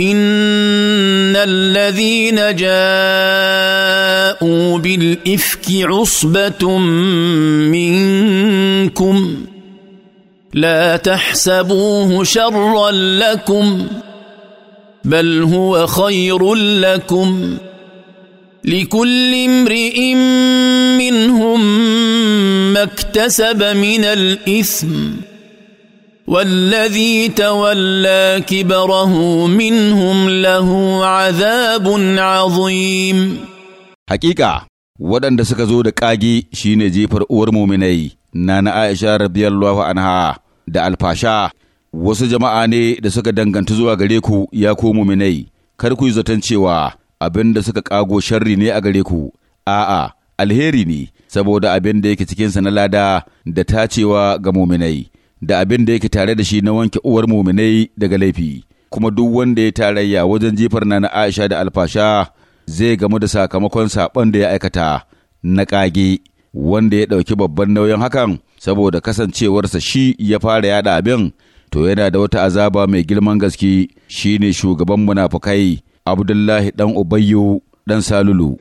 ان الذين جاءوا بالافك عصبه منكم لا تحسبوه شرا لكم بل هو خير لكم لكل امرئ منهم ما اكتسب من الاثم والذي تولى كبره منهم له عذاب عظيم حقيقة waɗanda suka zo da ƙage shine jefar uwar muminai na na Aisha radiyallahu anha da alfasha wasu jama'a ne da suka danganta zuwa gare ku ya ko muminai kar ku yi zaton cewa abin da suka ƙago sharri ne a gare ku a'a alheri ne saboda abin da yake cikinsa na lada da tacewa ga muminai da abin da yake tare da shi na wanke uwar muminai daga laifi kuma duk wanda ya tarayya wajen jifar na Aisha da alfasha zai gamu da sakamakon saɓon da ya aikata na ƙage wanda ya ɗauki babban nauyin hakan saboda kasancewarsa shi ya fara yada abin to yana da wata azaba mai girman gaske shine shugaban munafukai Abdullahi dan Ubayyu dan Salulu